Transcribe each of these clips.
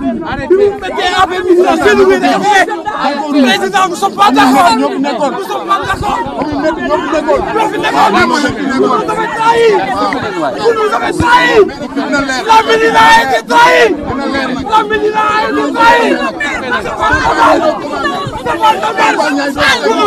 bi mu méttee affaire bi dina seen bi day xee président nous la Médina a la Médina a été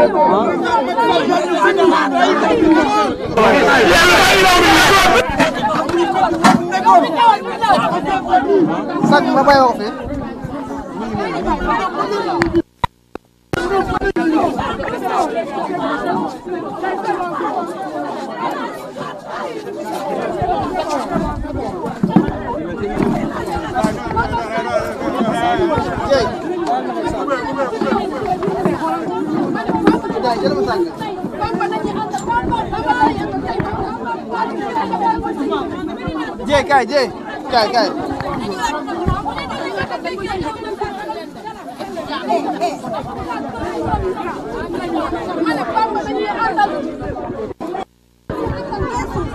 sag ma bay wax fi Thank you. Jee kaay jee kaay kaay.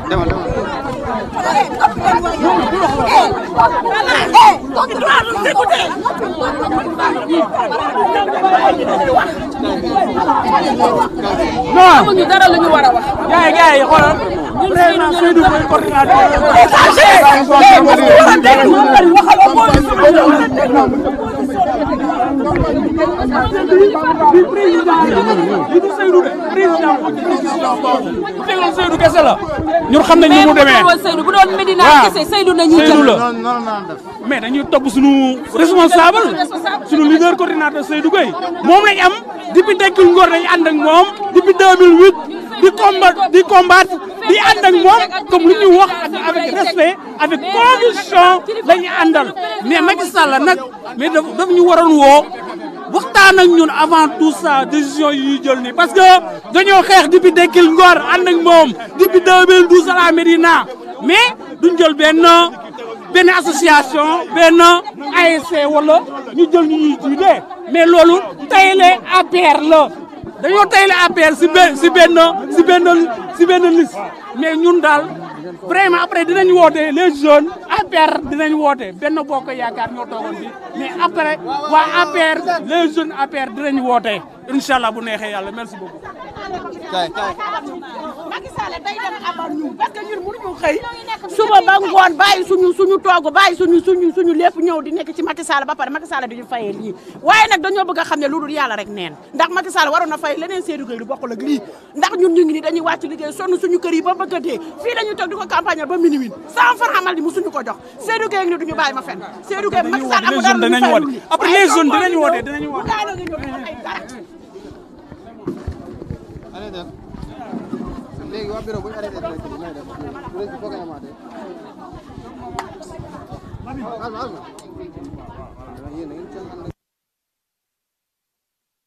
demal demal. non amuñu dara lu ñu war a wax. gars yi gars yi xoolal. vraiment Seydou mooy coordinateur. bi président bi du Seydou de président moo ci décision bu tegoon Seydou kese la. ñun xam nañ ni mu demee mais bu tegoon Seydou bu doon Medina kese Seydou nañu jël. Seydou la. mais dañuy topp suñu responsable suñu leader coordinateur Seydou Gueye moom lañ am depuis Dekkil Ngor dañu ànd ak moom depuis 2008 di combattre di combattre di ànd ak moom comme lu ñuy wax avec respect avec conviction la ñu àndal mais Macky Sall nag mais daf ñu waroon woo waxtaan ñun avant tout ça décision yi ñuy jël nii parce que dañoo xeex depuis Dekkil Ngor ànd ak moom depuis 2012 à la Médina mais duñ jël benn. benn association benn ASC wala ñu jël ñu ñuy jiite mais loolu tayale APR la dañoo tayale APR si benn si benn si benn si benn liste mais ñun daal. vraiment après dinañ woote les jeunes APR ñu woote benn bokk yaakaar ñoo toogoon bi mais après waa APR les jeunes APR dinañ woote incha allah bu neexee yàlla merci beaucoup. kay kay. Macky Sall day dem amal ñu parce que ñun mënuñu xëy suba ba ngoon bàyyi suñu suñu toog bàyyi suñu suñu suñu lépp ñëw di nekk ci Macky Sall ba pare Macky Sall ñu fayee lii waaye nag dañoo bëgg a xam ne lu loolu yàlla rek neen ndax Macky Sall waroon na fay leneen seen liggéey lu bokkul ak lii ndax ñun ñu ngi ni dañuy wàcc liggéey sonn suñu kër yi ba di ko campagne ba minuit cent francs mal di musuñu ko jox Seydou Gueye ni duñu bàyyi ma fenn Seydou Gueye Macky Sall amul dara dinañu woote après les jeunes dinañu woote dinañu woote